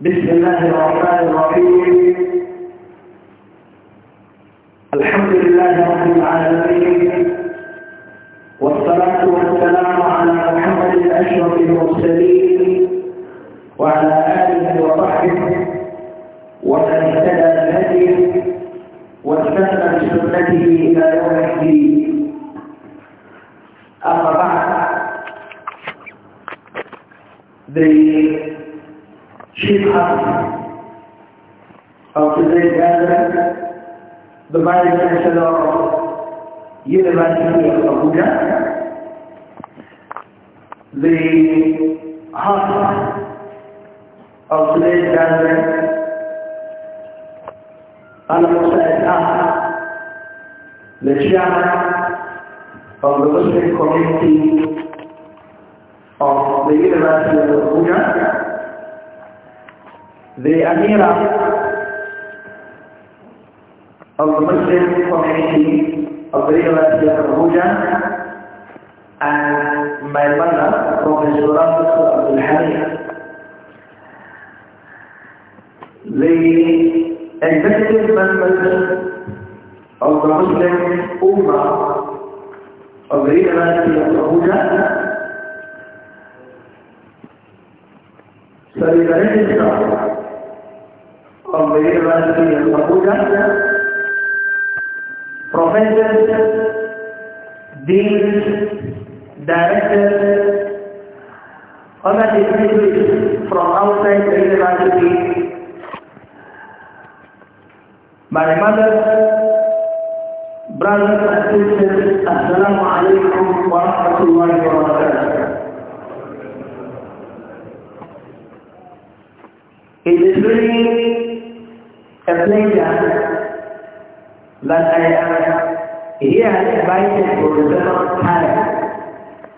بسم الله الرحمن الرحيم الحمد لله رب العالمين والصلاة والسلام على محمد الأشرف المرسلين وعلى آله وصحبه lahira It is really a pleasure that I am here invited for the second time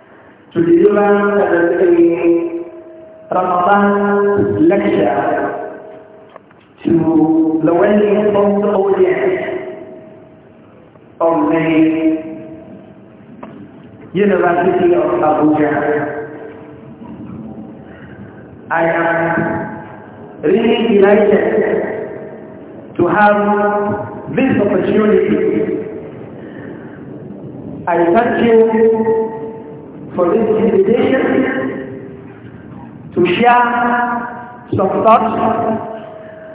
to deliver a Ramadan lecture to the well-informed audience of the University of Abuja. I am really delighted to have this opportunity. I thank you for this invitation to share some thoughts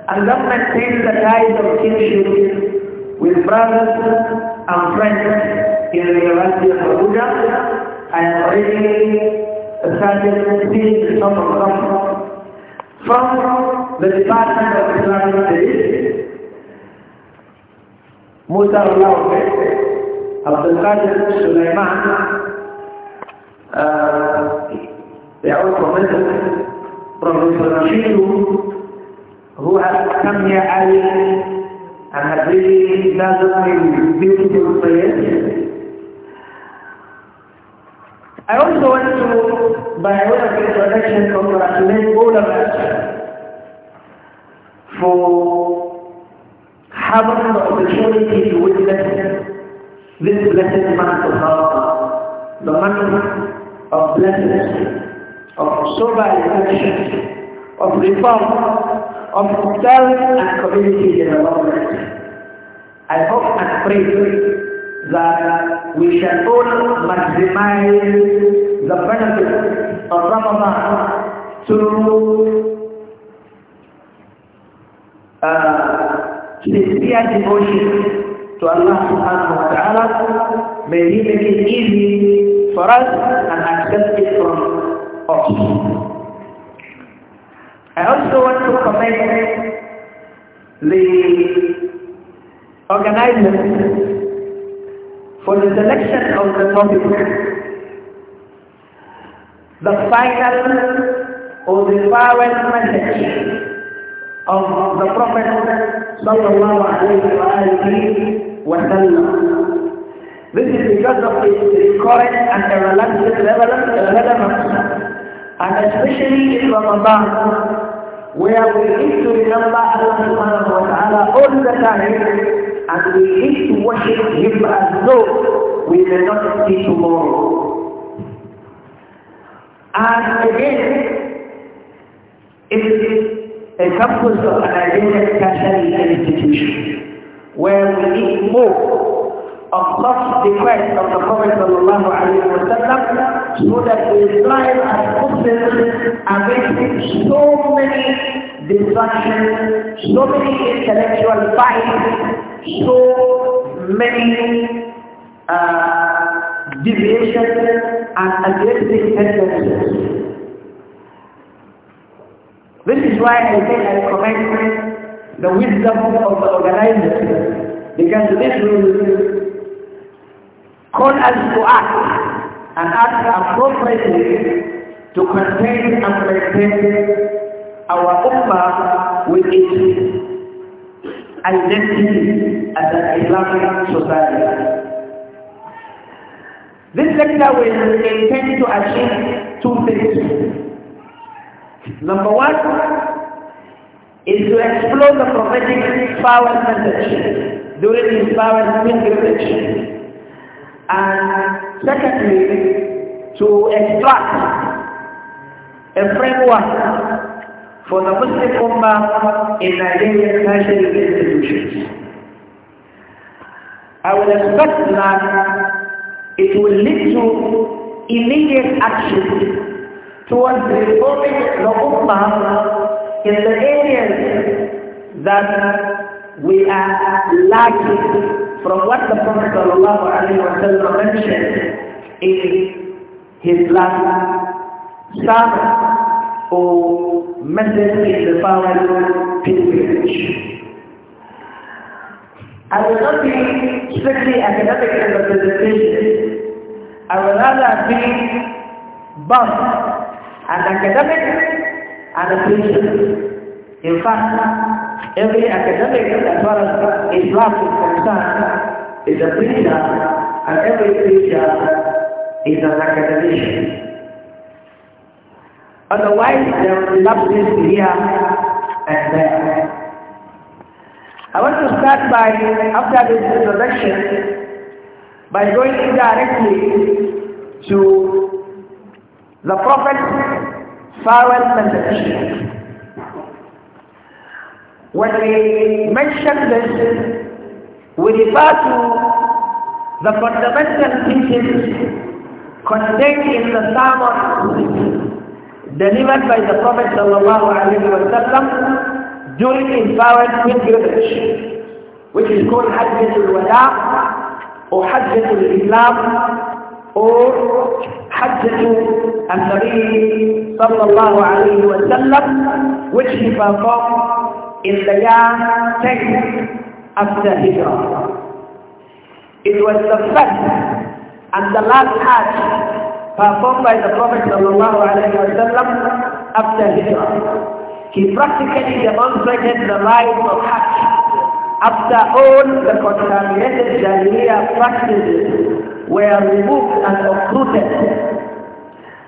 and that maintains the ties of kinship with brothers and friends in the University of Abuja. I am already excited to see some of them from the Department of Islamic Studies, Musa Ullah Abdul Qadir Sulaiman, uh, Ya'ud Professor, Professor Rashidu, who has come here early and has really done some beautiful place. I also want to, by way of introduction, congratulate all of us for having the opportunity to witness this blessed month of Ramadan, the month of blessings, of sober reflection, of reform, of self and community development. I hope and pray that we shall all maximize the benefit of Ramadan through uh, sincere devotion to Allah subhanahu wa ta'ala. May He make it easy for us and accept it from us. I also want to commend the organizers for the selection of the topic. The final or the final message of the Prophet sallallahu alayhi wa sallam. This is because of its current and relevant relevance and especially in Ramadan where we need to remember Allah subhanahu wa ta'ala all the time and we need to worship Him as though we may not see tomorrow. And again, it is a examples of an Nigerian tertiary institution where we need more of such request of the Prophet sallallahu Alaihi Wasallam, so that we thrive as Muslims amidst so many destruction, so many intellectual fights, so many uh, deviations and aggressive tendencies. This is why I say I commend the wisdom of the organizers because this will call us to act and act appropriately to contain and maintain our ummah with its identity as an Islamic society. This lecture will intend to achieve two things. Number one is to explore the prophetic power message during his power pilgrimage. And secondly, to extract a framework for the Muslim Ummah in Nigerian tertiary institutions. I would expect that it will lead to immediate action towards reforming the Ummah in the areas that we are lacking from what the Prophet ﷺ mentioned in his last sermon who mentally in pilgrimage. I will not be strictly academic in the presentation. I will rather be both an academic and a teacher. In fact, every academic as far as Islam is concerned is a preacher and every preacher is an academician. Otherwise, there will be lapses here and there. I want to start by, after this introduction, by going directly to the Prophet farewell message. When we mention this, we refer to the fundamental teachings contained in the Sermon delivered by the Prophet ﷺ during his parent pilgrimage, which is called Hajj al-Wada or Hajj al-Islam or Hajjat al-Nabi ﷺ, which he performed in the year 10 after Hijrah. It was the first and the last Hajj performed by the Prophet wasallam after Hijrah. He practically demonstrated the right of Hajj after all the contaminated Jahiliyyah practices were removed and uprooted.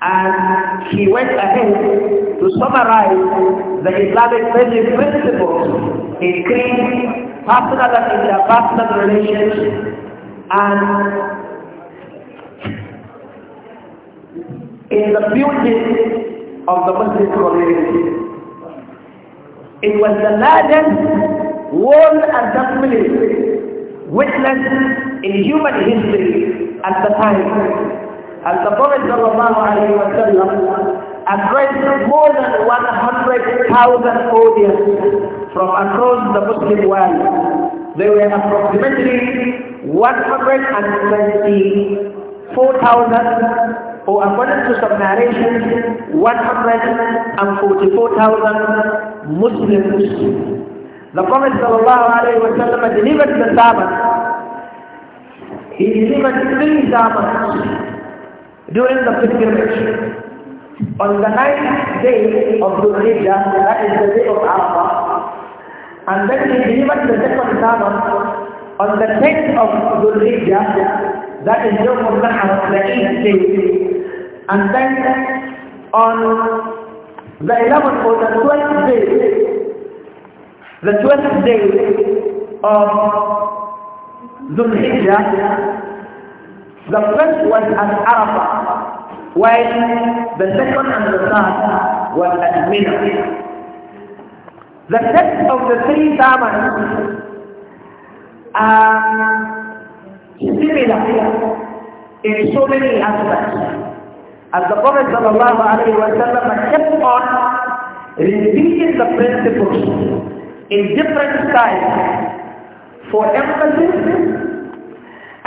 And he went ahead to summarize the Islamic basic principles in creed, personal and interpersonal relations, and in the beauty of the Muslim community. It was the largest world assembly witnessed in human history at the time. And the Prophet addressed more than 100,000 audience from across the Muslim world. There were approximately 124,000 or oh, according to some narrations, 144,000 Muslims. The Prophet ﷺ delivered the sermon. He delivered three sermons during the pilgrimage. On the ninth day of Dhul Hijjah, that is the day of Arafah, and then he delivered the second sermon on the tenth of Dhul Hijjah, that is Yom al-Nahar, the eighth day and then on the 11th or the 12th day, the 12th day of Dhul Hijjah, the first was at Arafah, while the second and the third were at Mina. The text of the three sermons are similar in so many aspects. As the Prophet sallallahu alayhi wa sallam kept on repeating the principles in different styles for emphasis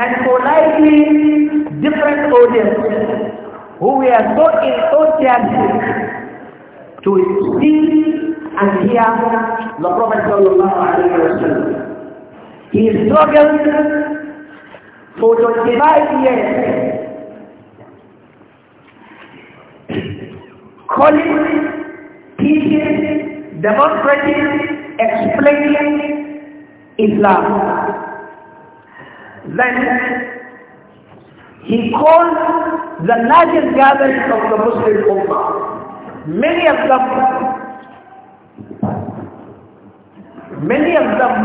and for likely different audiences who were so enthusiastic to see and hear the Prophet sallallahu alayhi wa sallam. He struggled for 25 years calling, teaching, demonstrating, explaining Islam. Then he called the largest gathering of the Muslim Ummah. Many of them, many of them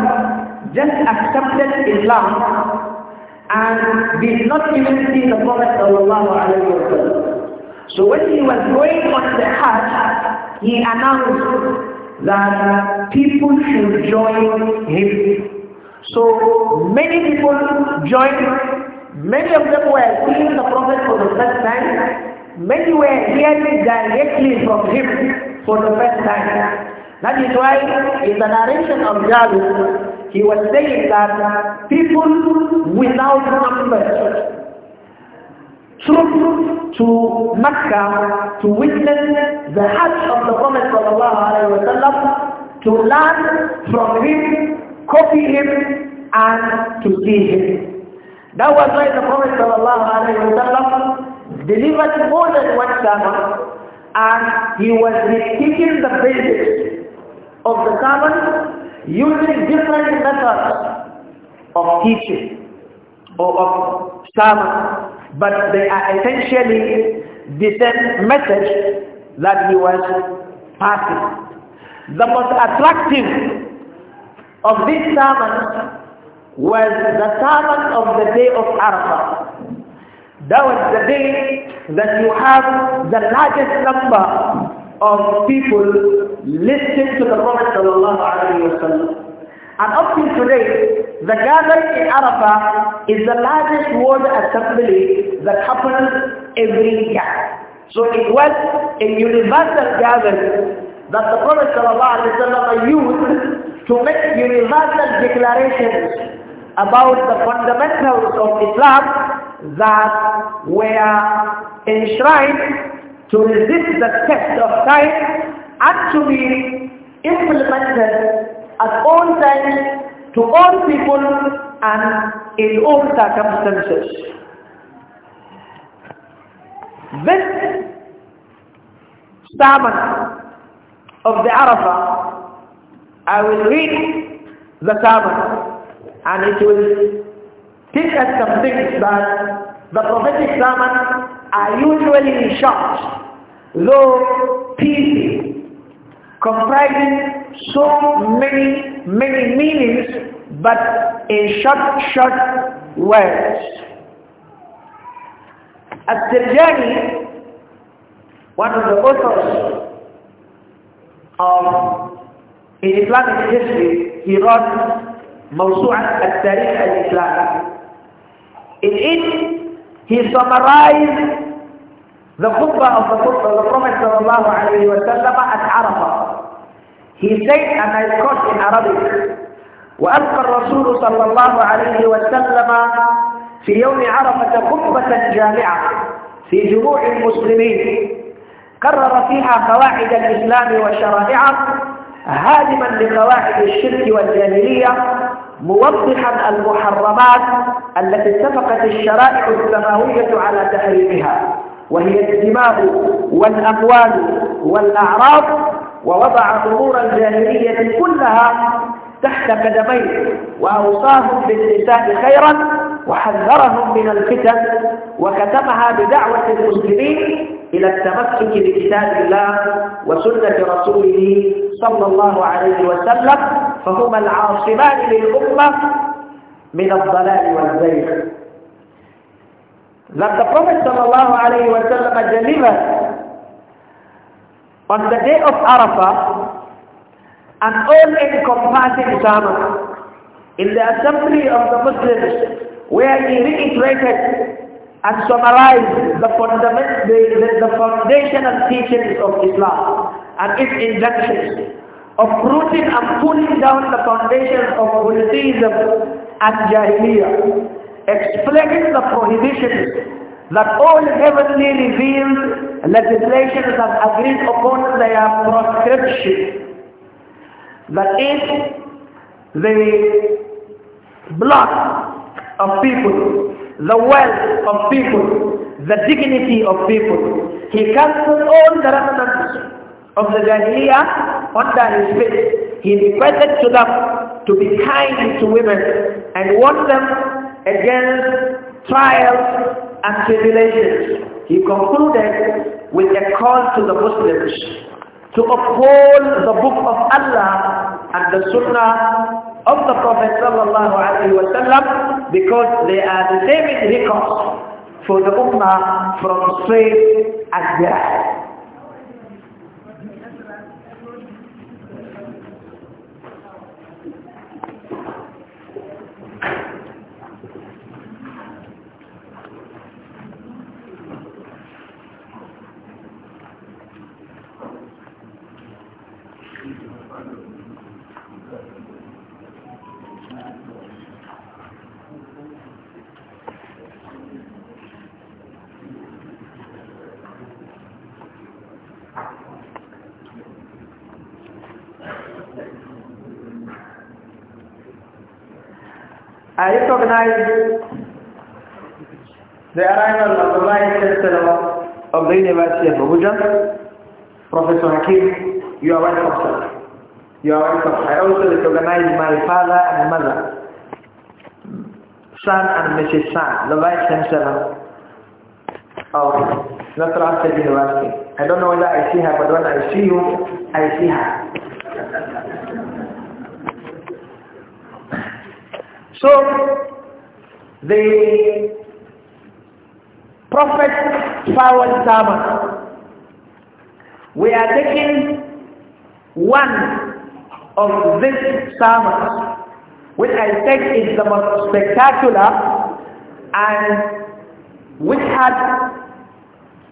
just accepted Islam and did not even see the Prophet sallallahu alaihi wasallam. So when he was going on the hut, he announced that people should join him. So many people joined. Many of them were seeing the Prophet for the first time. Many were hearing directly from him for the first time. That is why in the narration of Jalus, he was saying that people without numbers troop to Mecca to witness the Hajj of the Prophet ﷺ, to learn from him, copy him, and to see him. That was why the Prophet ﷺ delivered more than one sermon and he was repeating the basics of the sermon using different methods of teaching or of sermon but they are essentially the same message that he was passing. The most attractive of these sermons was the sermon of the day of Arafah. That was the day that you have the largest number of people listening to the Prophet sallallahu alaihi wasallam. And up to today, the gathering in Arafah is the largest world assembly that happens every year. So it was a universal gathering that the Prophet ﷺ used to make universal declarations about the fundamentals of Islam that were enshrined to resist the test of time and to be implemented at all times, to all people, and in all circumstances. This sermon of the Arafah, I will read the sermon and it will teach us some things that the prophetic sermons are usually short, though pithy, comprising so many, many meanings, but in short, short words. At-Tirjani, one of the authors of Islamic history, he wrote موسوعة al الإسلامي. In it, he summarized the khutbah of the, khutbah, the Prophet sallallahu alayhi wa sallam at Arafah. He said, and I quote in Arabic, وألقى الرسول صلى الله عليه وسلم في يوم عرفة خطبة جامعة في جموع المسلمين قرر فيها قواعد الإسلام وشرائعه هادما لقواعد الشرك والجاهلية موضحا المحرمات التي اتفقت الشرائع السماوية على تحريمها وهي الدماء والأموال والأعراض ووضع أمور الجاهلية كلها تحت قدميه وأوصاهم بالنساء خيرا وحذرهم من الفتن وكتمها بدعوة المسلمين إلى التمسك بكتاب الله وسنة رسوله صلى الله عليه وسلم فهما العاصمان للأمة من الضلال والزيغ. لقد قمت صلى الله عليه وسلم sallam on the day of Arafah, an all-encompassing sermon in the assembly of the Muslims where he reiterated and summarized the, fundamental the, the foundational teachings of Islam and its injunctions of rooting and pulling down the foundations of polytheism and Jahiliyyah, explaining the prohibitions that all heavenly revealed legislations have agreed upon their proscription. if the blood of people, the wealth of people, the dignity of people. He cancelled all the remnants of the Jahiliyyah under his feet. He requested to them to be kind to women and warn them against trials and tribulations, he concluded with a call to the Muslims to uphold the Book of Allah and the Sunnah of the Prophet ﷺ because they are the saving recourse for the Ummah from straight and death. I recognize the arrival of the Vice Chancellor of the University of Abuja, Professor Hakim. You are welcome, sir. You are welcome. I also recognize my father and mother, son and Mrs. San, the Vice Chancellor of Notre Dame University. I don't know whether I see her, but when I see you, I see her. So the prophet's farewell sermon, we are taking one of this sermons, which I think is the most spectacular and which had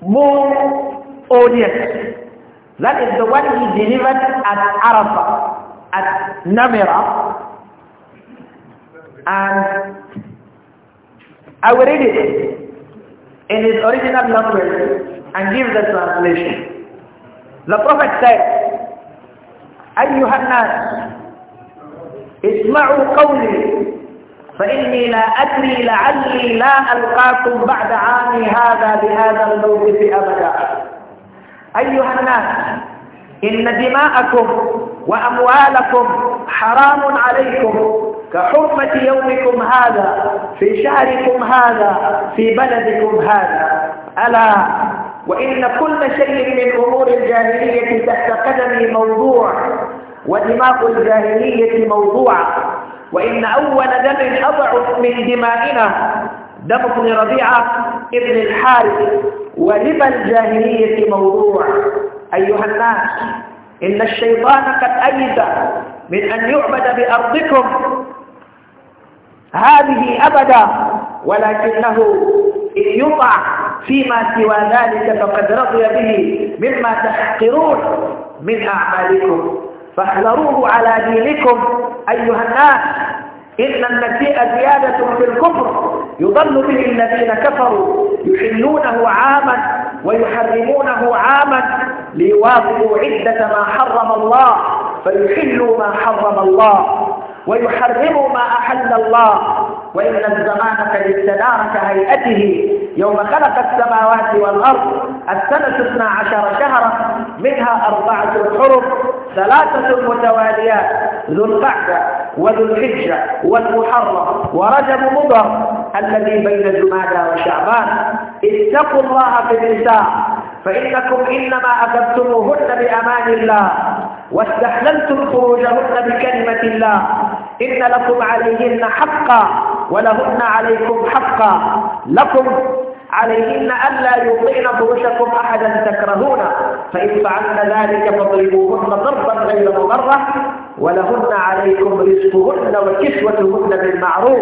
more audience. That is the one he delivered at Arafah, at Namira, and I will read it in his original language and give the translation. The Prophet said, أيها الناس اسمعوا قولي فإني لا أدري لعلي لا ألقاكم بعد عامي هذا بهذا الموقف أبدا أيها الناس إن دماءكم وأموالكم حرام عليكم كحرمة يومكم هذا في شهركم هذا في بلدكم هذا ألا وإن كل شيء من أمور الجاهلية تحت قدمي موضوع ودماغ الجاهلية موضوع وإن أول دم أضعف من دمائنا دم ابن ربيعة ابن الحارث ولب الجاهلية موضوع أيها الناس إن الشيطان قد أيد من أن يعبد بأرضكم هذه أبدا ولكنه إن يطع فيما سوى ذلك فقد رضي به مما تحقرون من أعمالكم فاحذروه على دينكم أيها الناس إن المسيء زيادة في الكفر يضل به الذين كفروا يحلونه عاما ويحرمونه عاما ليواظبوا عدة ما حرم الله فيحلوا ما حرم الله ويحرم ما أحل الله وإن الزمان قد استدار كهيئته يوم خلق السماوات والأرض السنة اثنا عشر شهرا منها أربعة حرم ثلاثة متواليات ذو القعدة وذو الحجة والمحرم ورجب مضر الذي بين جمادى وشعبان اتقوا الله في النساء فإنكم إنما أخذتموهن بأمان الله واستحللتم خروجهن بكلمة الله إن لكم عليهن حقا ولهن عليكم حقا لكم عليهن ألا يطعن فرشكم أحدا تكرهون فإن فعلن ذلك فاضربوهن ضربا غير مضرة ولهن عليكم رزقهن وكسوتهن بالمعروف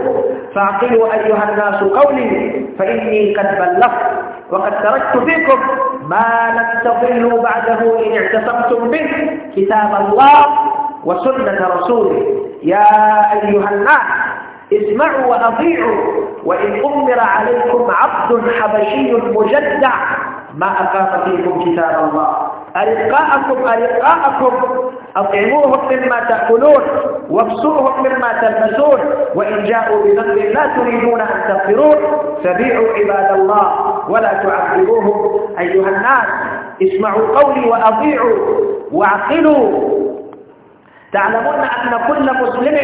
فاعقلوا أيها الناس قولي فإني قد بلغت وقد تركت فيكم ما لم تضلوا بعده إن اعتصمتم به كتاب الله وسنة رسوله يا أيها الناس اسمعوا وأطيعوا وإن أمر عليكم عبد حبشي مجدع ما أقام فيكم كتاب الله أرقاءكم أرقاءكم أطعموهم مما تأكلون وافسوهم مما تلبسون وإن جاءوا بذنب لا تريدون أن تغفرون فبيعوا عباد الله ولا تعذبوهم أيها الناس اسمعوا قولي وأطيعوا وعقلوا تعلمون أن كل مسلم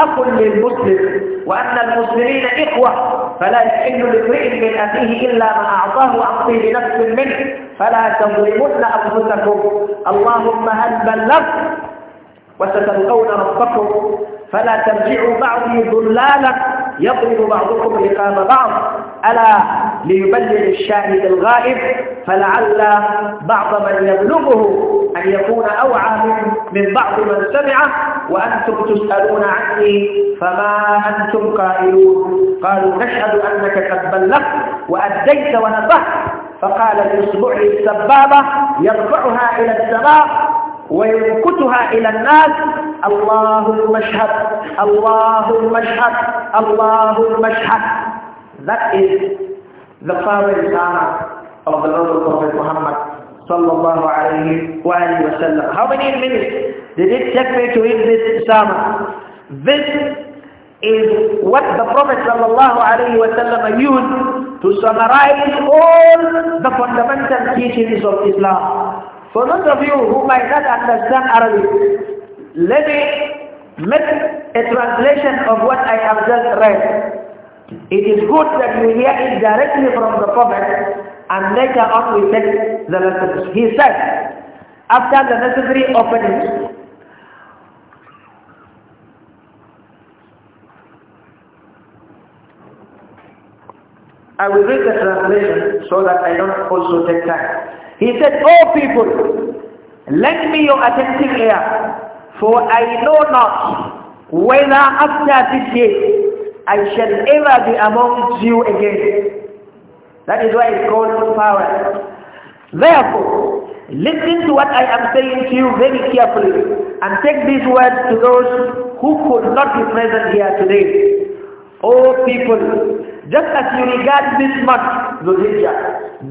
أخ للمسلم وأن المسلمين إخوة فلا يحل لامرئ من أخيه إلا ما أعطاه أعطي لنفس منه فلا تظلمن أنفسكم اللهم هل بلغت وستلقون ربكم فلا ترجعوا بعضي ضلالا يضرب بعضكم رقاب بعض ألا ليبلغ الشاهد الغائب فلعل بعض من يبلغه أن يكون أوعى من بعض من سمعه وأنتم تسألون عني فما أنتم قائلون قالوا نشهد أنك قد بلغت وأديت ونفحت فقال بإصبعه السبابة يرفعها إلى السماء وينكتها إلى الناس اللهم اشهد اللهم اشهد اللهم اشهد That is the fervent dana of the Lord Prophet Muhammad sallallahu alayhi wa sallam. How many minutes did it take me to read this Islam? This is what the Prophet sallallahu alayhi wa sallam used to summarize all the fundamental teachings of Islam. For those of you who might not understand Arabic, let me make a translation of what I have just read. It is good that you hear it directly from the Prophet and later on we take the lessons. He said, after the necessary openings, I will read the translation so that I don't also take time. He said, O oh, people, lend me your attentive ear, for I know not whether after this day I shall ever be among you again. That is why it's called power. Therefore, listen to what I am saying to you very carefully and take these words to those who could not be present here today. O people, just as you regard this month, dhul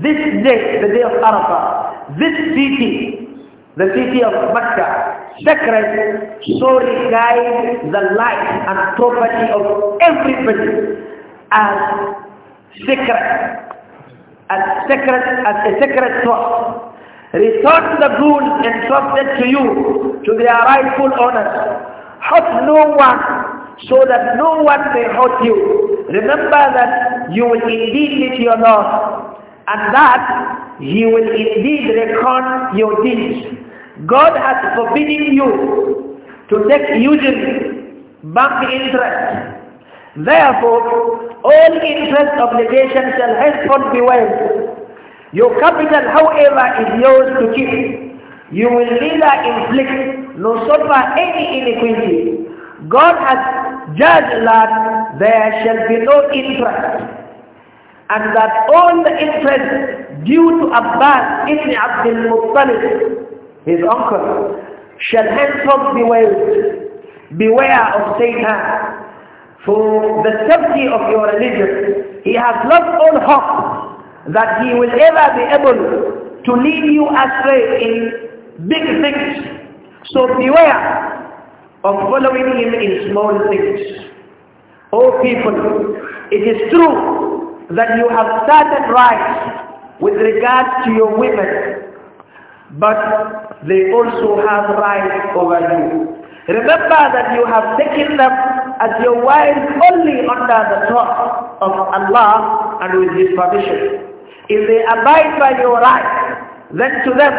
this day, the day of Arafah, this city, the city of Mecca, sacred, so regard the life and property of everybody as sacred, as sacred, as a sacred trust. Return the goods entrusted to you to their rightful owners. Help no one so that no one may hurt you. Remember that you will indeed meet your Lord and that he will indeed record your deeds. God has forbidden you to take usury, bank interest. Therefore, all interest obligations shall henceforth be waived. Your capital, however, is yours to keep. You will neither inflict nor suffer any iniquity. God has Judge that there shall be no interest and that all the interest due to Abbas ibn Abdul Muttalib, his uncle, shall henceforth be waived. Beware of Satan. For the safety of your religion, he has lost all hope that he will ever be able to lead you astray in big things. So beware of following him in small things. O people, it is true that you have started rights with regard to your women, but they also have rights over you. Remember that you have taken them as your wives only under the thought of Allah and with His permission. If they abide by your rights, then to them,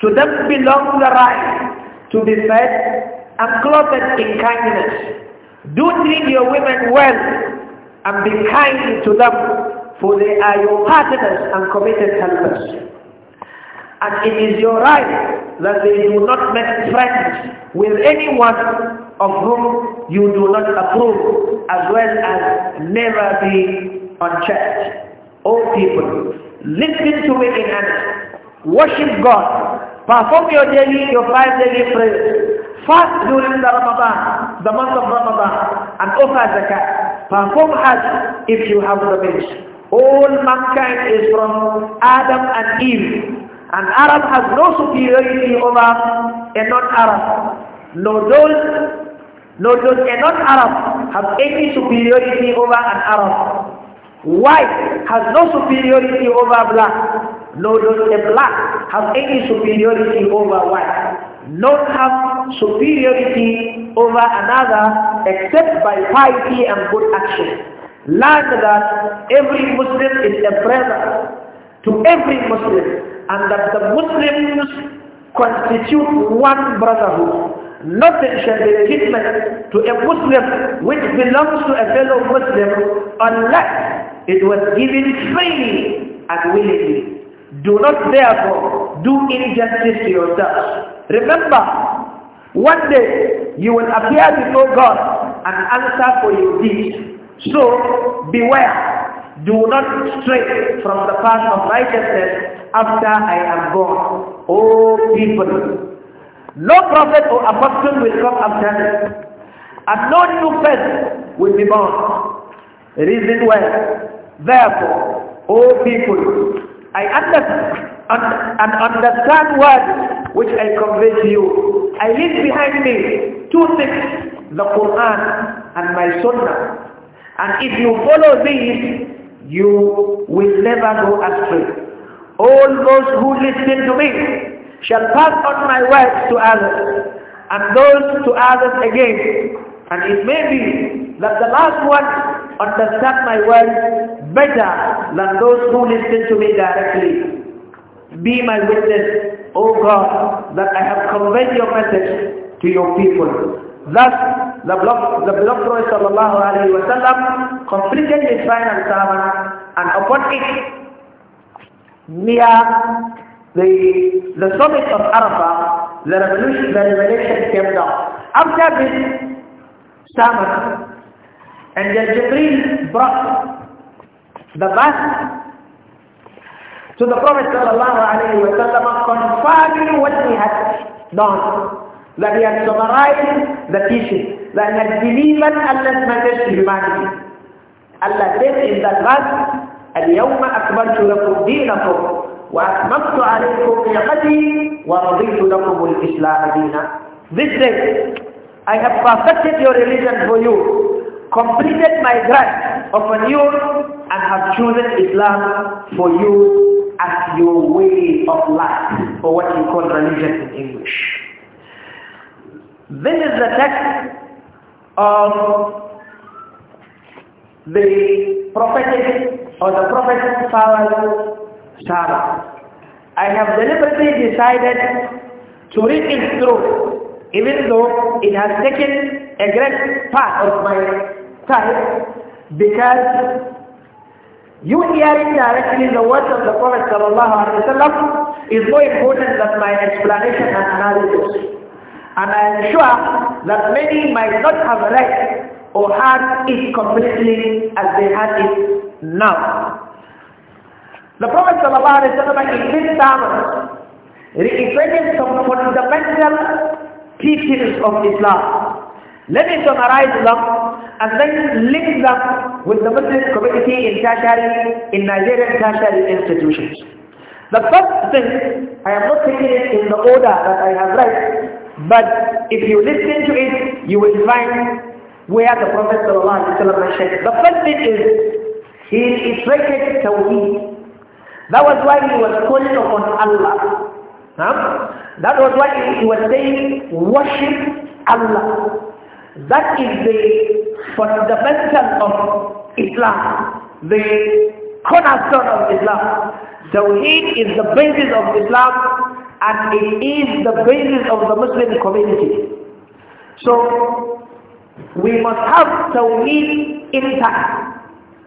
to them belong the right to be fed, and clothed in kindness. Do treat your women well and be kind to them, for they are your partners and committed helpers. And it is your right that they do not make friends with anyone of whom you do not approve, as well as never be unchecked. All people, listen to me in answer. Worship God. Perform your daily, your five daily prayers Fast during the Ramadan, the month of Ramadan, and offer zakat. Perform Hajj if you have the means. All mankind is from Adam and Eve. An Arab has no superiority over a non-Arab. No those no, does a non-Arab have any superiority over an Arab? White has no superiority over black. No, does a black have any superiority over white? None have superiority over another except by piety and good action. Learn that every Muslim is a brother to every Muslim and that the Muslims constitute one brotherhood. Nothing shall be treatment to a Muslim which belongs to a fellow Muslim unless it was given freely and willingly. Do not therefore do injustice to yourself. Remember one day you will appear before God and answer for your deeds. So beware, do not stray from the path of righteousness after I am gone. O people, no prophet or apostle will come after me, and no new faith will be born. Reason well. Therefore, O people, I understand and understand words which I convey to you. I leave behind me two things, the Quran and my Sunnah. And if you follow these, you will never go astray. All those who listen to me shall pass on my words to others, and those to others again. And it may be that the last one understand my words better than those who listen to me directly. Be my witness, O God, that I have conveyed your message to your people. Thus, the blood, the beloved Prophet sallallahu alayhi wa sallam completed his final sermon and upon it, near the, the summit of Arafah, the revelation, the revelation came down. After this sermon, and the Jibreel brought the vast so the Prophet ﷺ confirming what he had done. That he had summarized the teaching. That he had delivered Allah's message to humanity. Allah said in that verse, اليوم أكملت لكم دينكم وأتممت عليكم نعمتي ورضيت لكم الإسلام دينا. This day, I have perfected your religion for you, completed my grant a you and have chosen Islam for you as your way of life, or what you call religion in English. This is the text of the prophetic or the prophet Sarah. I have deliberately decided to read it through even though it has taken a great part of my time because you hearing directly the words of the Prophet sallallahu is more important than my explanation and analysis. And I am sure that many might not have read or heard it completely as they had it now. The Prophet sallallahu in this sermon reiterated some fundamental teachings of Islam. Let me summarize them and then link them with the Muslim community in tertiary, in Nigerian tertiary institutions. The first thing, I am not taking it in the order that I have read, but if you listen to it, you will find where the Prophet mentioned. The first thing is, he to Tawheed. That was why he was calling upon Allah. Huh? That was why he was saying, worship Allah. That is the fundamental of Islam, the cornerstone of Islam. Tawheed is the basis of Islam and it is the basis of the Muslim community. So we must have Tawheed intact.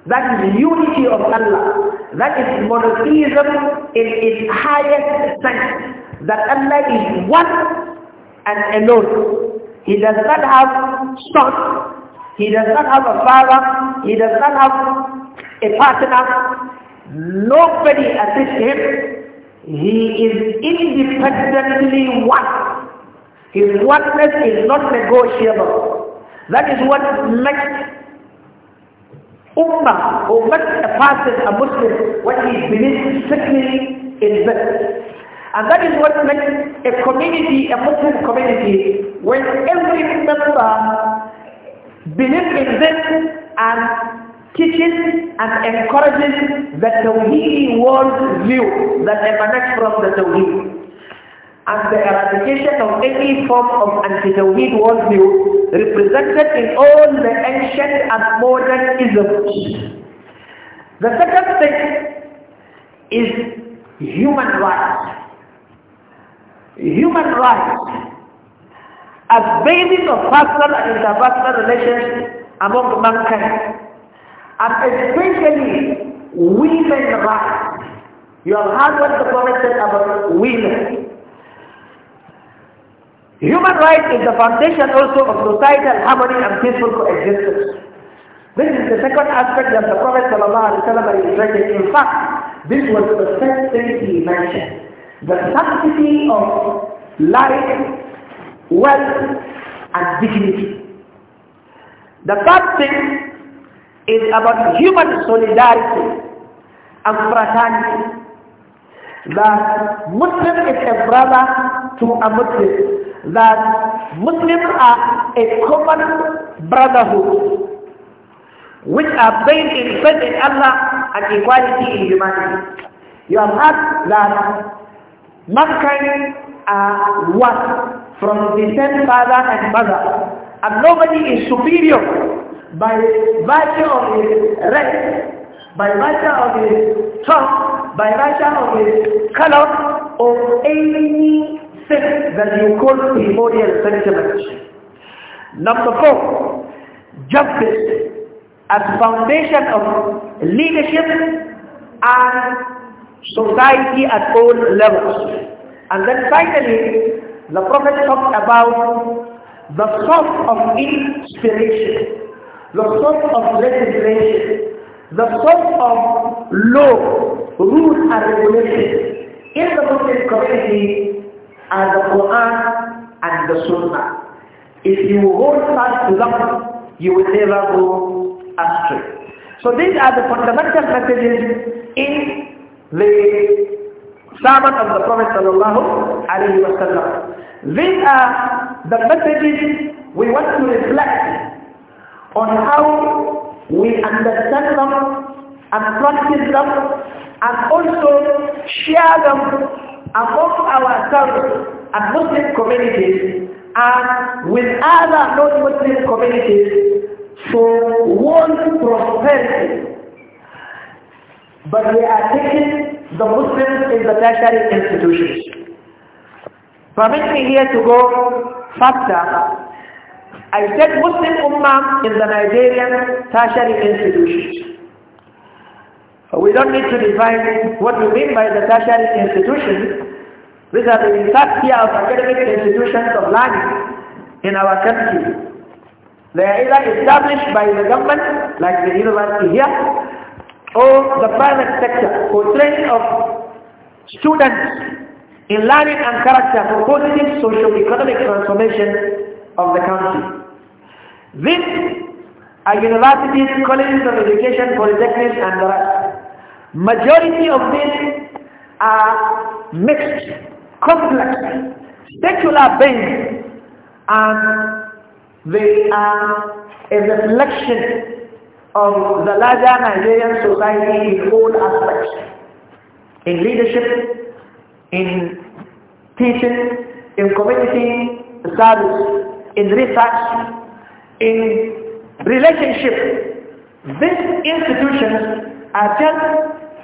That is unity of Allah. That is monotheism in its highest sense. That Allah is one and alone. He does not have son. He does not have a father. He does not have a partner. Nobody assists him. He is independently one. His oneness is not negotiable. That is what makes ummah or makes a person a Muslim what he believes strictly in this. And that is what makes a community, a Muslim community, when every member believes in this and teaches and encourages the Tawheed world view that emanates from the Tawheed. And the eradication of any form of anti-Tawheed worldview represented in all the ancient and modern isms. The second thing is human rights human rights as basis of personal and interpersonal relations among mankind, and especially women's rights. You have heard what the Prophet said about women. Human rights is the foundation also of societal harmony and peaceful coexistence. This is the second aspect that the Prophet is illustrated. In fact, this was the first thing he mentioned the sanctity of life, wealth, and dignity. The third thing is about human solidarity and fraternity. That Muslim is a brother to a Muslim. That Muslims are a common brotherhood which are based in faith in Allah and equality in humanity. You have heard that Mankind are one from the same father and mother. And nobody is superior by virtue of his race, by virtue of his tongue, by virtue of his color, or any sense that you call primordial sentiment. Number four, justice as foundation of leadership and society at all levels. And then finally, the Prophet talked about the source of inspiration, the source of legislation, the source of law, rule and regulation in the Muslim community are the Quran and the Sunnah. If you hold fast to them, you will never go astray. So these are the fundamental messages in the sermon of the Prophet sallallahu alaihi wasallam. These are the messages we want to reflect on how we understand them and practice them and also share them among ourselves and Muslim communities and with other non-Muslim communities for world prosperity but we are taking the Muslims in the tertiary institutions. Permit me here to go faster. I said Muslim Ummah in the Nigerian tertiary institutions. We don't need to define what we mean by the tertiary institutions. These are the third tier of academic institutions of learning in our country. They are either established by the government, like the university here, or the private sector for training of students in learning and character for positive socio-economic transformation of the country. These are universities, colleges of education, polytechnics and the rest. Majority of these are mixed, complex, secular based and they are a reflection of the larger Nigerian society in all aspects. In leadership, in teaching, in community service, in research, in relationship. These institutions are just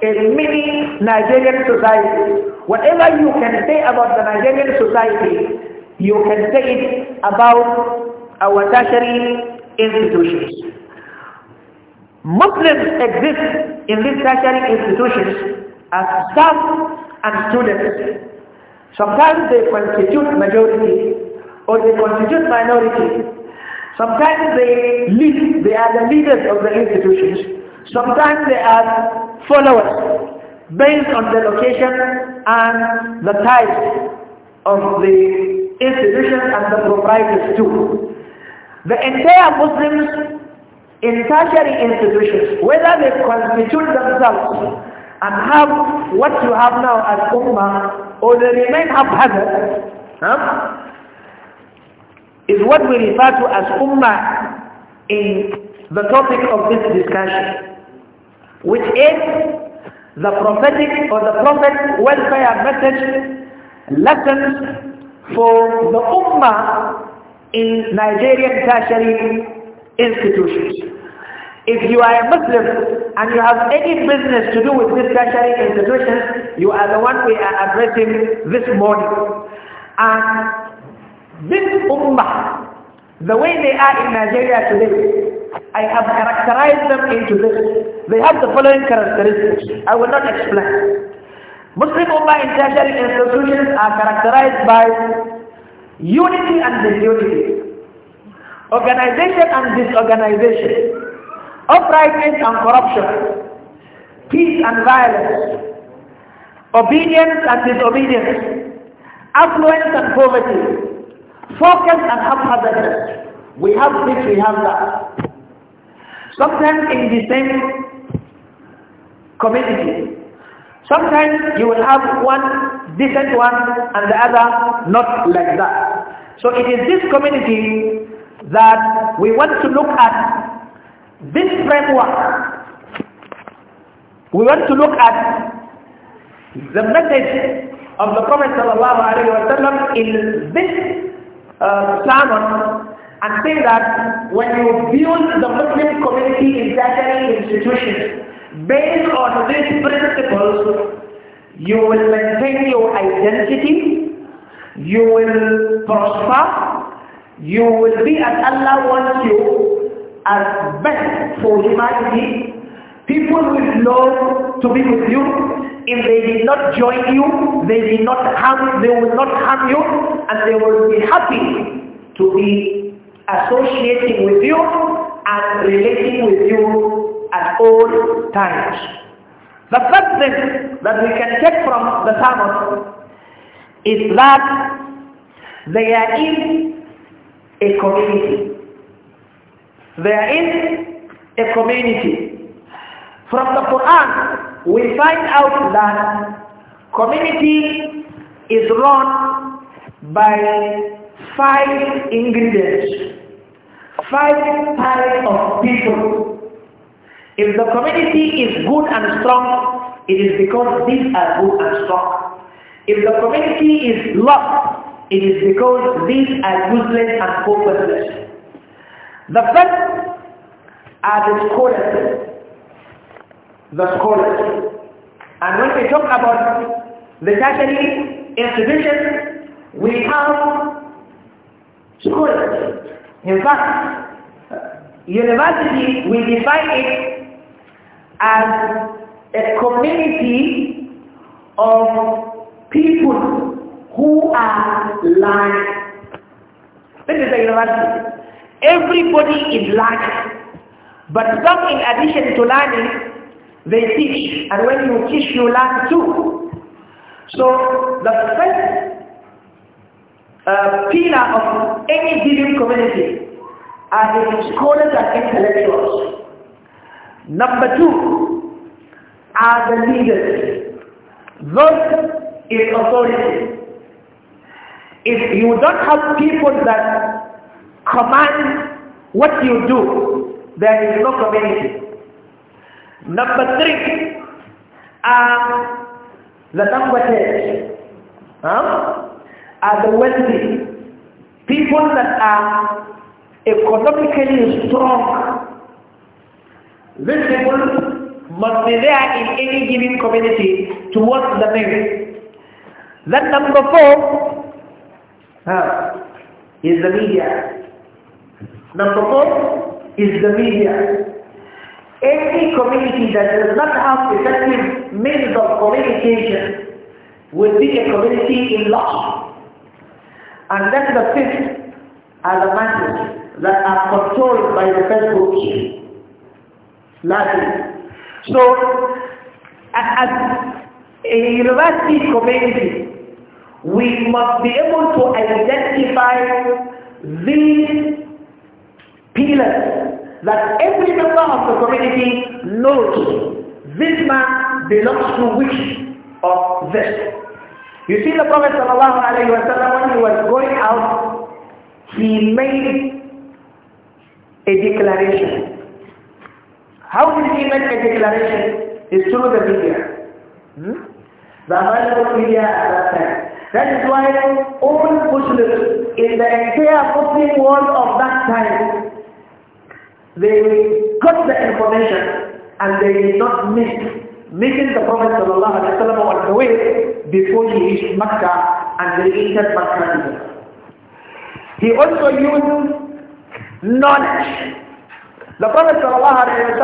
a mini Nigerian society. Whatever you can say about the Nigerian society, you can say it about our tertiary institutions. Muslims exist in these tertiary institutions as staff and students. Sometimes they constitute majority or they constitute minority. Sometimes they lead, they are the leaders of the institutions. Sometimes they are followers based on the location and the type of the institution and the proprietors too. The entire Muslims in tertiary institutions, whether they constitute themselves and have what you have now as Ummah or they remain haphazard, huh? is what we refer to as Ummah in the topic of this discussion, which is the prophetic or the prophet welfare message lessons for the Ummah in Nigerian tertiary institutions. If you are a Muslim and you have any business to do with these tertiary institutions, you are the one we are addressing this morning. And this ummah, the way they are in Nigeria today, I have characterized them into this. They have the following characteristics. I will not explain. Muslim ummah in tertiary institutions are characterized by unity and disunity, organization and disorganization, uprightness and corruption, peace and violence, obedience and disobedience, affluence and poverty, focus and haphazardness. We have this, we have that. Sometimes in the same community, sometimes you will have one decent one and the other not like that. So it is this community that we want to look at this framework, we want to look at the message of the Prophet Wasallam in this uh, sermon and say that when you build the Muslim community in tertiary institutions based on these principles, you will maintain your identity, you will prosper, you will be as Allah wants you, as best for humanity. People will love to be with you. If they did not join you, they did not harm, they will not harm you, and they will be happy to be associating with you and relating with you at all times. The third thing that we can take from the sermon is that there is a community. There is a community. From the Quran, we find out that community is run by five ingredients, five types of people. If the community is good and strong, it is because these are good and strong. If the community is lost, it is because these are useless and hopeless. The first are the scholars. The scholars. And when we talk about the tertiary institutions, we have scholars. In fact, university, we define it as a community of people who are learning. This is a university. Everybody is learning. But some in addition to learning, they teach. And when you teach, you learn too. So the first uh, pillar of any given community are the scholars and intellectuals. Number two are the leaders. Those is authority. If you don't have people that command what you do, there is no community. Number three, are the number huh? are the wealthy, people that are economically strong. These people must be there in any given community towards the next. Then number four huh, is the media. Number four is the media. Any community that does not have effective means of communication will be a community in loss. And that's the fifth are the masses that are controlled by the first groups. Lastly, so as a university community, we must be able to identify these pillars that every member of the community knows this man belongs to which of this. You see the Prophet sallallahu alayhi wa sallam when he was going out, he made a declaration. How did he make a declaration? It's through the media. Hmm? The whole media at that time. That is why all Muslims in the entire Muslim world of that time they got the information and they did not miss meeting the Prophet ﷺ on the way before he reached Mecca and they entered Mecca He also used knowledge. The Prophet ﷺ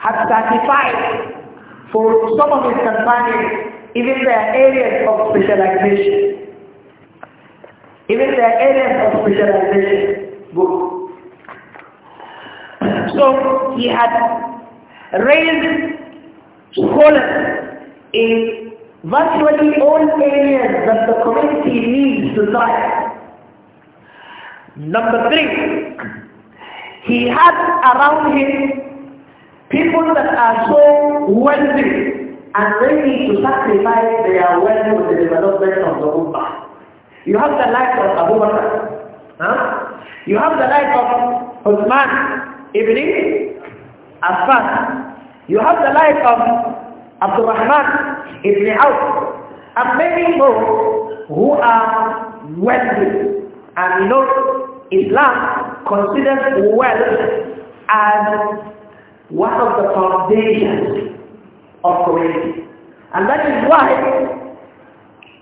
had sacrificed for some of his companions even their areas of specialization. Even their areas of specialization. So he had raised scholars in virtually all areas that the community needs to thrive. Number three, he had around him people that are so wealthy and ready to sacrifice their wealth for the development of the Ummah. You have the life of Abu Bakr. Huh? You have the life of Uthman Ibn Affan. You have the life of Abdul Rahman Ibn Auf and many more who are wealthy. And you know, Islam considers wealth as one of the foundations of community. And that is why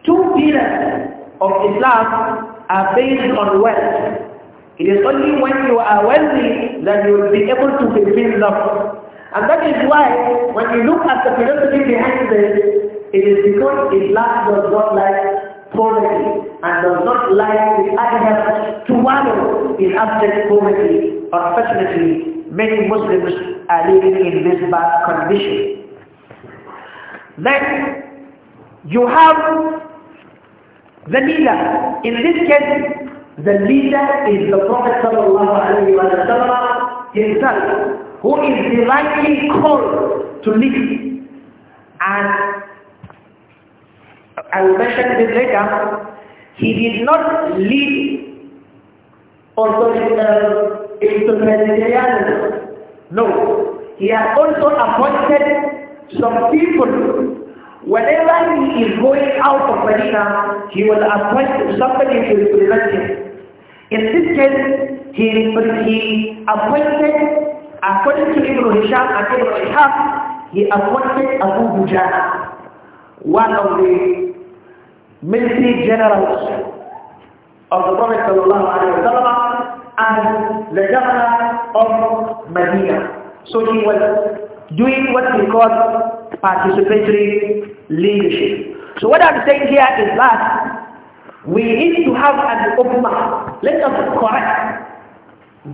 two pillars of Islam are based on wealth. It is only when you are wealthy that you will be able to fulfill love. And that is why when you look at the philosophy behind this, it is because Islam does not like poverty and does not like the adherence to wallow in abject poverty. Unfortunately, many Muslims are living in this bad condition. Then you have the leader. In this case, the leader is the Prophet ﷺ himself, who is directly called to lead. And I will mention this later, he did not lead also uh, instrumentarianism. No, he has also appointed some people Whenever he is going out of Medina, he will appoint somebody to represent him. In this case, he, he appointed, according to Ibn Hisham and Ibn Ishaq, he appointed Abu Dujana, one of the military generals of the Prophet ﷺ and the governor of Medina. So he was doing what we call participatory leadership. So what I'm saying here is that we need to have an ummah. Let us correct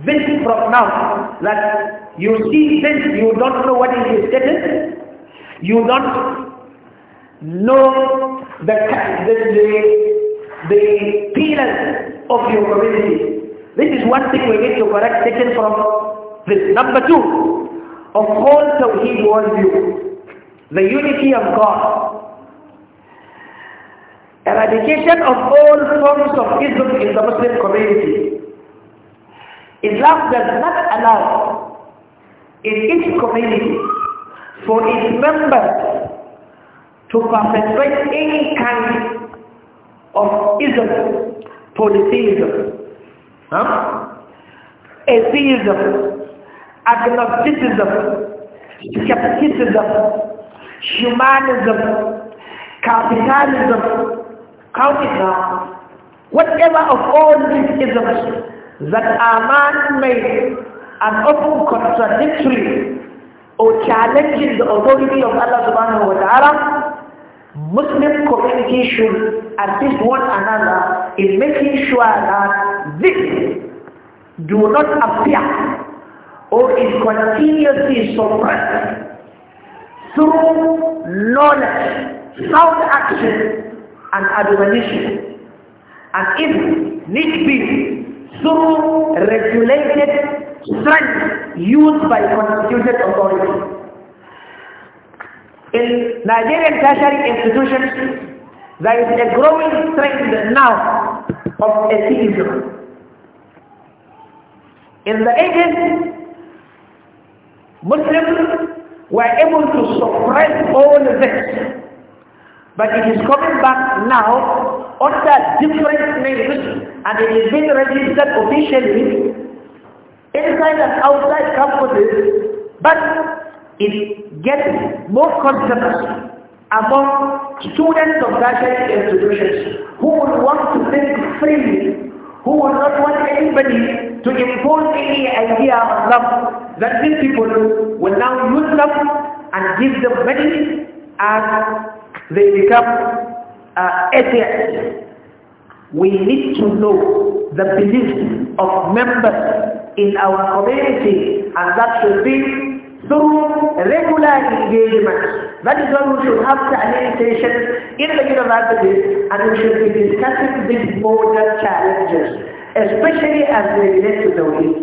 this from now that you see this, you don't know what is your status, you don't know the, the, the, the pillars of your community. This is one thing we need to correct taken from this. Number two, of whole Tawheed worldview, the unity of God Eradication of all forms of Islam in the Muslim community. Islam does not allow in each community for its members to perpetrate any kind of ism, polytheism, huh? atheism, agnosticism, skepticism, humanism, capitalism, Count it now. Whatever of all these isms that are man-made and often contradictory or challenging the authority of Allah subhanahu wa ta'ala, Muslim community should assist one another in making sure that this do not appear or is continuously suppressed through knowledge, sound action, and admonition. And if need be, through regulated strength used by constituted authority. In Nigerian tertiary institutions, there is a growing strength now of atheism. In the ages, Muslims were able to suppress all this but it is coming back now under different names and it is being registered officially inside and outside campuses. But it gets more controversy among students of graduate institutions who would want to think freely, who would not want anybody to impose any idea on them, that these people will now use them and give them money as they become uh, atheists. We need to know the beliefs of members in our community and that should be through regular engagement. That is why we should have talent sessions in the universities and we should be discussing these modern challenges, especially as they relate to the week.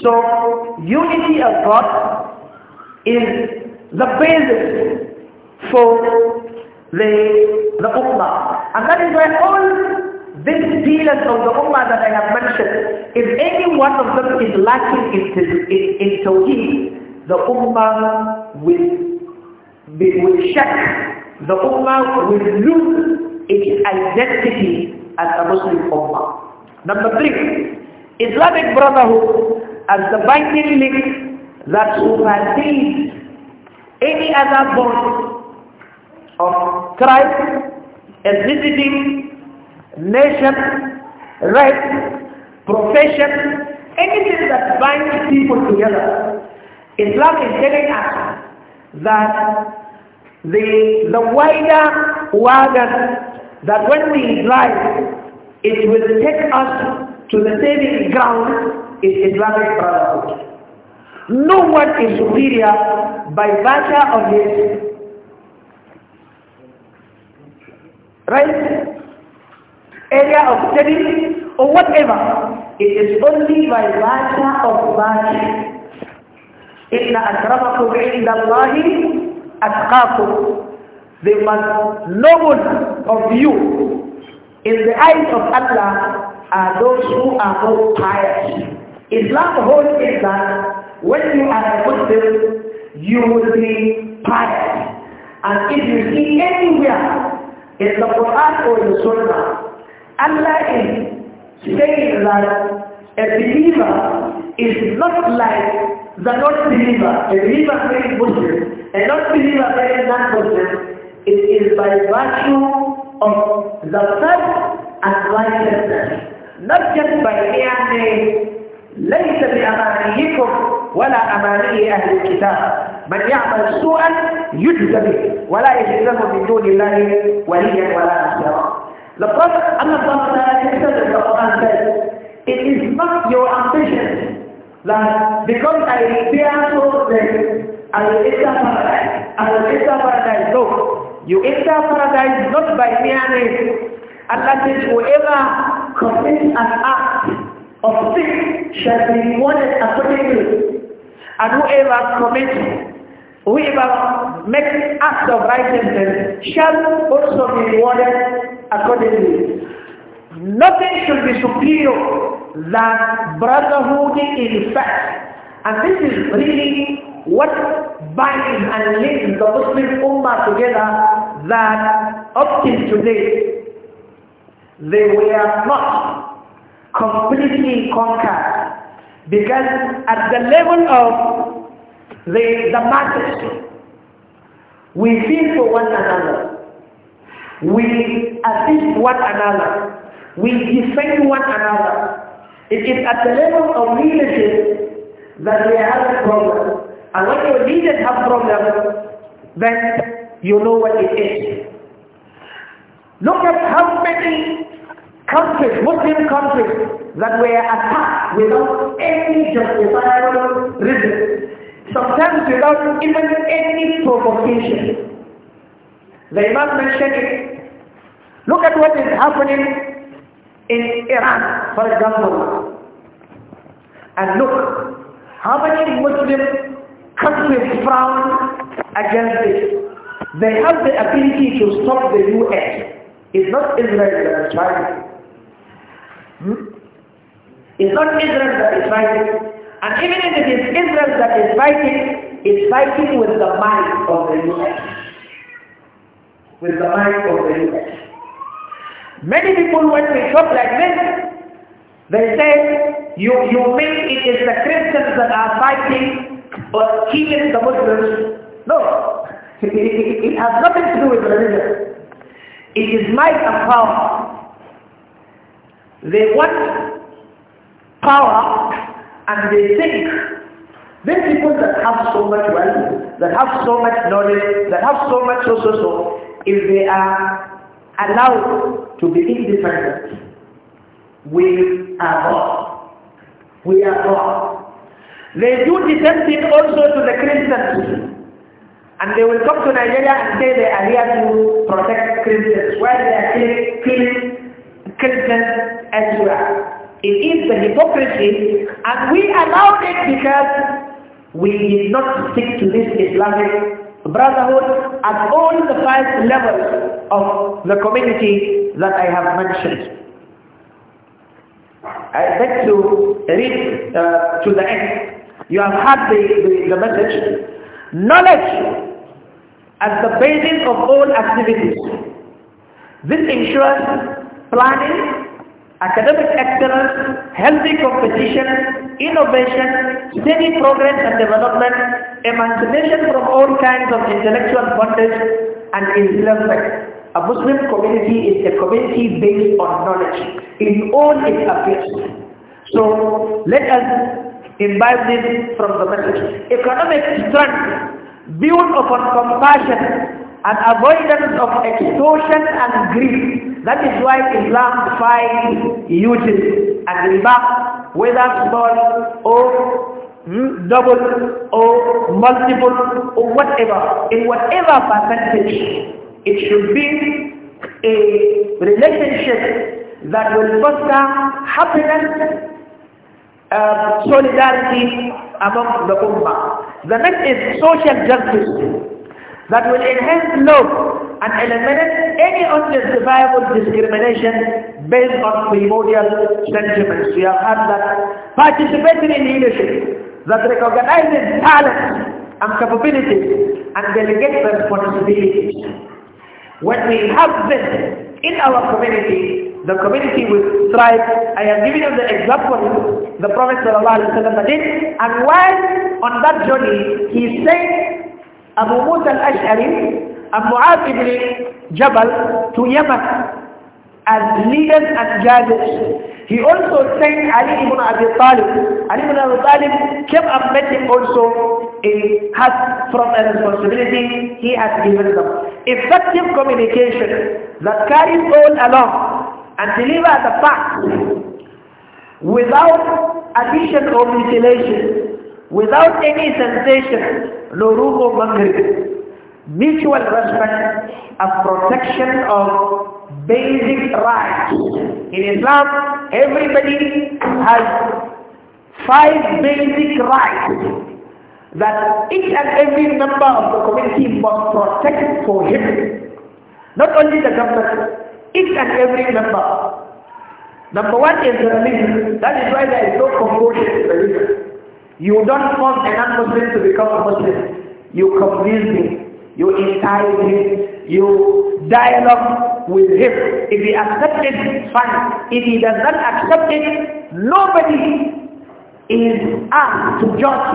So unity of God is the basis for the, the Ummah. And that is why all these dealers of the Ummah that I have mentioned, if any one of them is lacking in, in, in Tawheed, the Ummah will, be, will shak, the Ummah will lose its identity as a Muslim Ummah. Number three, Islamic Brotherhood as the binding link that supersedes any other bond of Christ, ethnicity, nation, race, profession, anything that binds people together. Islam is telling us that the, the wider wagon that when we drive, it will take us to the saving ground is Islamic brotherhood. No one is superior by virtue of his right? Area of study or whatever. It is only by virtue of virtue. إِنَّ the عِنْدَ اللَّهِ أَتْقَاكُمْ The most noble of you in the eyes of Allah are those who are most pious. Islam holds is that when you are a Muslim, you will be pious. And if you see anywhere in the Quran or the Sunnah, Allah is saying that a believer is not like the non-believer. A believer very Muslim, a non-believer very non-Muslim. It is by virtue of the fact and righteousness, not just by mere name. ليس بأمانيكم ولا أماني أهل الكتاب من يعمل سوءا يجزى به ولا يجد له من دون الله وليا ولا says it is not your ambition that because I fear so then I enter paradise I enter paradise no you enter paradise not by mere And Allah says whoever commits an act of sin shall be rewarded accordingly and whoever commits Whoever makes acts of righteousness shall also be rewarded accordingly. Nothing should be superior than brotherhood in fact. And this is really what binds and links the Muslim Ummah together that up till today they were not completely conquered. Because at the level of there is the majesty. We feel for one another. We assist one another. We defend one another. It is at the level of leadership that we have problems. And when your leaders have problems, then you know what it is. Look at how many countries, Muslim countries, that were attacked without any justifiable reason sometimes without even any provocation. The Imam mentioned it. Look at what is happening in Iran, for example. And look, how many Muslim countries frown against this. They have the ability to stop the U.S. It's not Israel that is fighting. Hmm? It's not Israel that is fighting. And even if it is Israel that is fighting, it's fighting with the might of the U.S. With the might of the U.S. Many people when we talk like this, they say, you, you think it is the Christians that are fighting or killing the Muslims. No, it, it has nothing to do with religion. It is might and power. They want power and they think these people that have so much wealth, that have so much knowledge, that have so much so so so, if they are allowed to be independent, we are God. We are God. They do the same thing also to the Christians. And they will come to Nigeria and say they are here to protect Christians, while they are killing, killing Christians elsewhere. It is the hypocrisy and we allow it because we did not stick to this Islamic brotherhood at all the five levels of the community that I have mentioned. I beg to read uh, to the end. You have had the, the, the message. Knowledge as the basis of all activities. This ensures planning, academic excellence, healthy competition, innovation, steady progress and development, emancipation from all kinds of intellectual bondage and enslavement. A Muslim community is a community based on knowledge in all its affairs. So let us imbibe this from the message. Economic strength built upon compassion and avoidance of extortion and greed that is why Islam defines uses and riba, whether small or hmm, double or multiple or whatever, in whatever percentage, it should be a relationship that will foster happiness, uh, solidarity among the Ummah. The next is social justice that will enhance love and eliminate any unjustifiable discrimination based on primordial sentiments. We have had that participatory leadership that recognizes talent and capabilities and delegates responsibilities. When we have this in our community, the community will thrive. I am giving you the example the Prophet ﷺ did and while on that journey he said Abu Musa al-Ash'ari and Mu'adh ibn Jabal to Yemen as leaders and judge. He also sent Ali ibn Abi Talib. Ali ibn Abi Talib came and met him also in has from a responsibility he has given them. Effective communication that carries all along and delivers the fact without addition or mutilation without any sensation, nuruhu maghrib, mutual respect and protection of basic rights. In Islam, everybody has five basic rights that each and every member of the community must protect for him. Not only the government, each and every member. Number one is the religion. That is why there is no compulsion in religion. You don't force a non to become a Muslim. You convince him. You entice him. You dialogue with him. If he accepts it, fine. If he does not accept it, nobody is asked to judge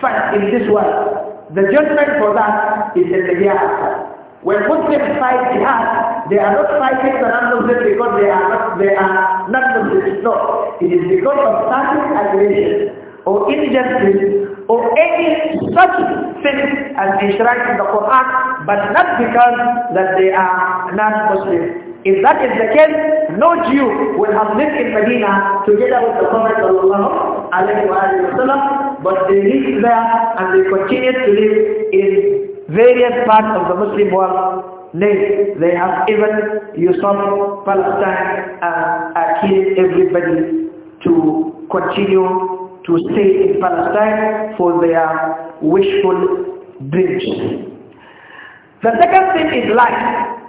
fact in this world. The judgment for that is in the hereafter. When Muslims fight jihad, they are not fighting the non-Muslims because they are not they are not muslims No, it is because of starting aggression or injustice or any such thing as enshrined in the Quran but not because that they are non-Muslims. If that is the case, no Jew will have lived in Medina together with the Prophet ﷺ, but they lived there and they continued to live in various parts of the Muslim world. Nay, they have even usurped Palestine uh, and killed everybody to continue to stay in Palestine for their wishful dreams. The second thing is life.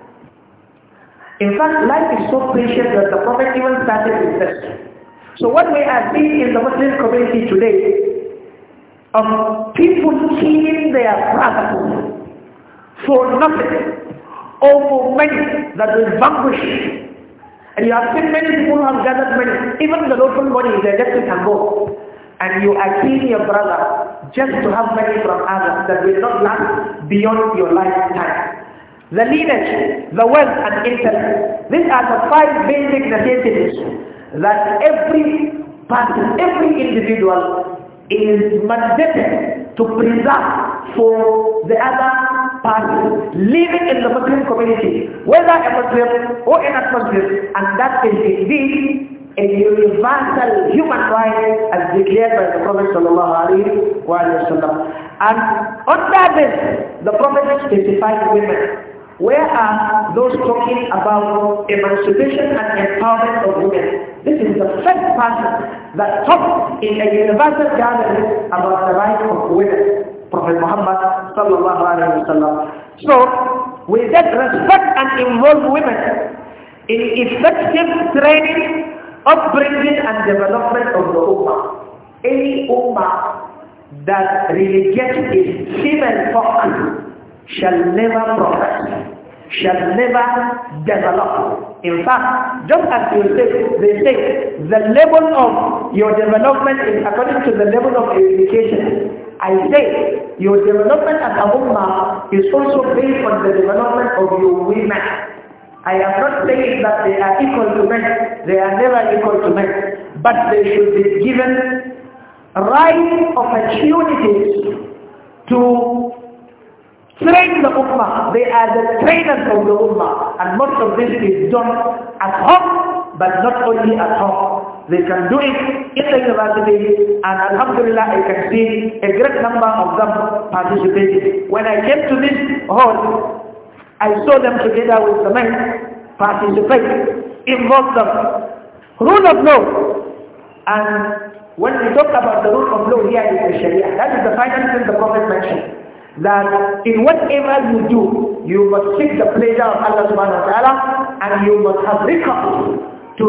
In fact, life is so precious that the Prophet even started with this. So what we are seeing in the Muslim community today of people killing their brothers for nothing or for money that will vanquish. And you have seen many people who have gathered money, even the local money, they just can go and you are your brother just to have money from others that will not last beyond your lifetime. The lineage, the wealth and interest. These are the five basic necessities that every person, every individual is mandated to preserve for the other person living in the Muslim community, whether a Muslim or an a muslim and that is indeed a universal human right as declared by the Prophet sallallahu And on that basis, the Prophet specified women. Where are those talking about emancipation and empowerment of women? This is the first person that talks in a universal gathering about the rights of women, Prophet Muhammad sallallahu So, we then respect and involve women in effective training upbringing and development of the ummah. Any ummah that relegates its female folk shall never progress, shall never develop. In fact, just as you say, they say the level of your development is according to the level of education. I say your development as a is also based on the development of your women. I am not saying that they are equal to men. They are never equal to men. But they should be given right opportunities to train the ummah. They are the trainers of the ummah. And most of this is done at home, but not only at home. They can do it in the university and Alhamdulillah I can see a great number of them participating. When I came to this hall, I saw them together with the men participate, involve them. Rule of law. And when we talk about the rule of law here in the Sharia, that is the final thing the Prophet mentioned. That in whatever you do, you must seek the pleasure of Allah subhanahu wa ta'ala and you must have recourse to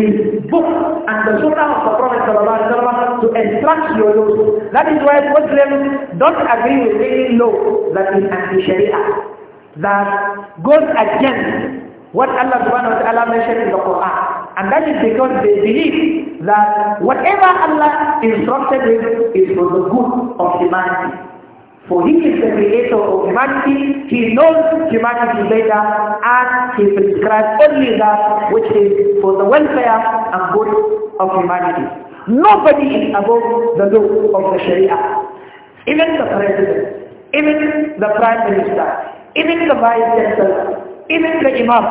his book and the sunnah of the Prophet to extract your laws. That is why Muslims don't agree with any law that is anti-Sharia that goes against what Allah subhanahu wa ta'ala mentioned in the Quran. And that is because they believe that whatever Allah instructed with is for the good of humanity. For he is the creator of humanity, he knows humanity better, and he prescribes only that which is for the welfare and good of humanity. Nobody is above the law of the Sharia. Even the president, even the prime minister, even the vice chancellor, even the imam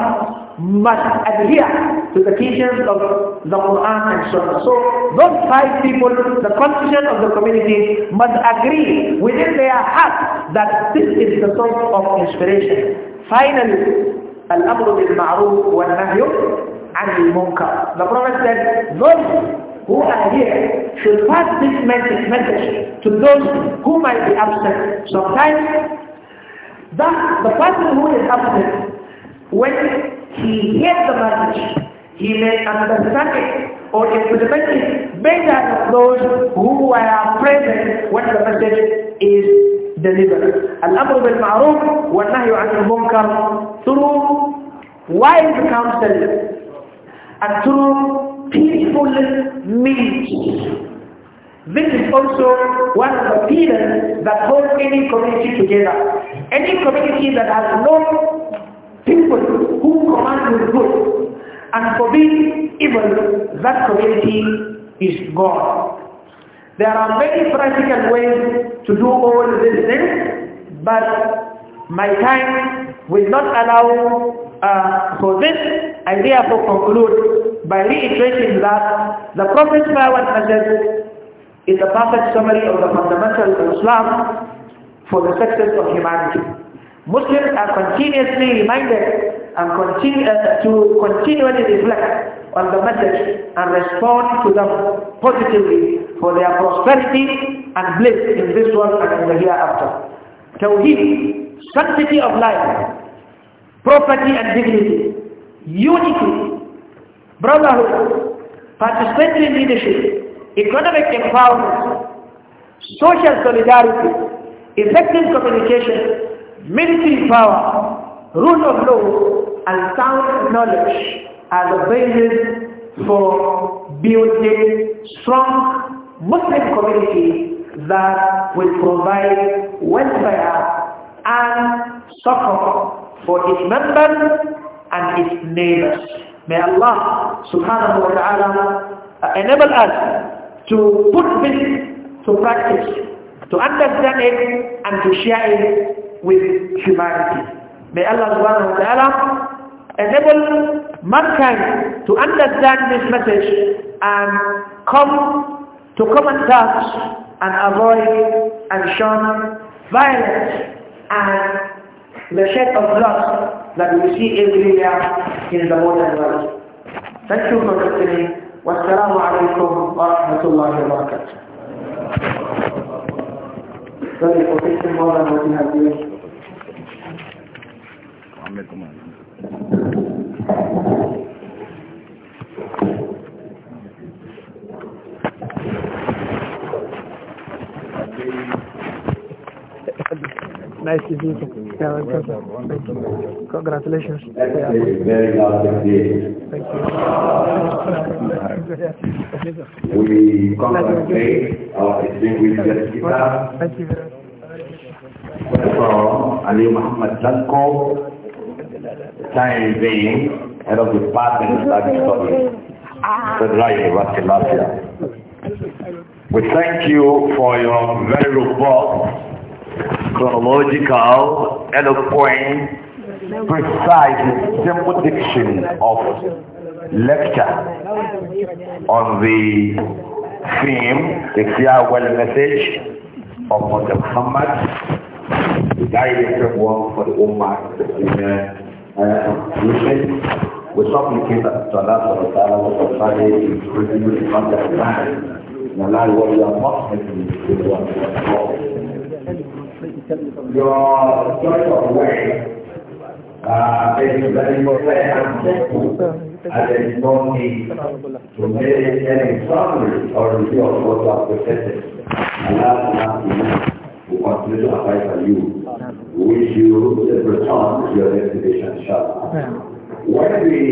must adhere to the teachings of the Quran and Sunnah. So those five people, the constitution of the community must agree within their heart that this is the source of inspiration. Finally, الأمر بالمعروف والنهي عن المنكر. The Prophet said, those who are here should pass this message, message to those who might be absent. Sometimes that the person who is upset, when he hears the message, he may understand it or implement it better than those who are present when the message is delivered. Al-Amr bil Ma'ruf wa Nahy anil Munkar through wise counsel and through peaceful means. This is also one of the pillars that holds any community together. Any community that has no people who command the good and forbid evil, that community is gone. There are many practical ways to do all these things, but my time will not allow uh, for this. I therefore conclude by reiterating that the Prophet Muhammad is a perfect summary of the fundamentals of Islam for the success of humanity. Muslims are continuously reminded and continue, uh, to continually reflect on the message and respond to them positively for their prosperity and bliss in this world and in the hereafter. Tawheed, sanctity of life, property and dignity, unity, brotherhood, participatory leadership, economic empowerment, social solidarity, effective communication, military power, rule of law, and sound knowledge are the basis for building strong Muslim community that will provide welfare and succor for its members and its neighbors. May Allah subhanahu wa ta'ala enable us to put this to practice, to understand it and to share it with humanity. May Allah subhanahu wa ta'ala enable mankind to understand this message and come to common terms and avoid and shun violence and the shed of blood that we see everywhere in the modern world. Thank you for listening. والسلام عليكم ورحمة الله وبركاته Sorry, protect more than what you have given. Assalamualaikum. Nice to see you. Yeah, Thank you. Congratulations. Very last Thank you. we congratulate our distinguished guest Thank you very much. Ali Muhammad Janko, Science Head of Department of Islamic Studies, Federal University Latvia. We thank you for your very robust chronological, eloquent, precise, simple diction of lecture on the theme, the farewell message of Prophet Muhammad, the guided one for the Ummah, the uh, we supplicate that to Allah subhanahu wa ta'ala was decided to review the contact of man. And Allah will be approximately to the your choice of way uh, is very important and there is not need to make any summary or review of what you have presented. we continue to apply for you. wish you the return to your destination, inshallah. When we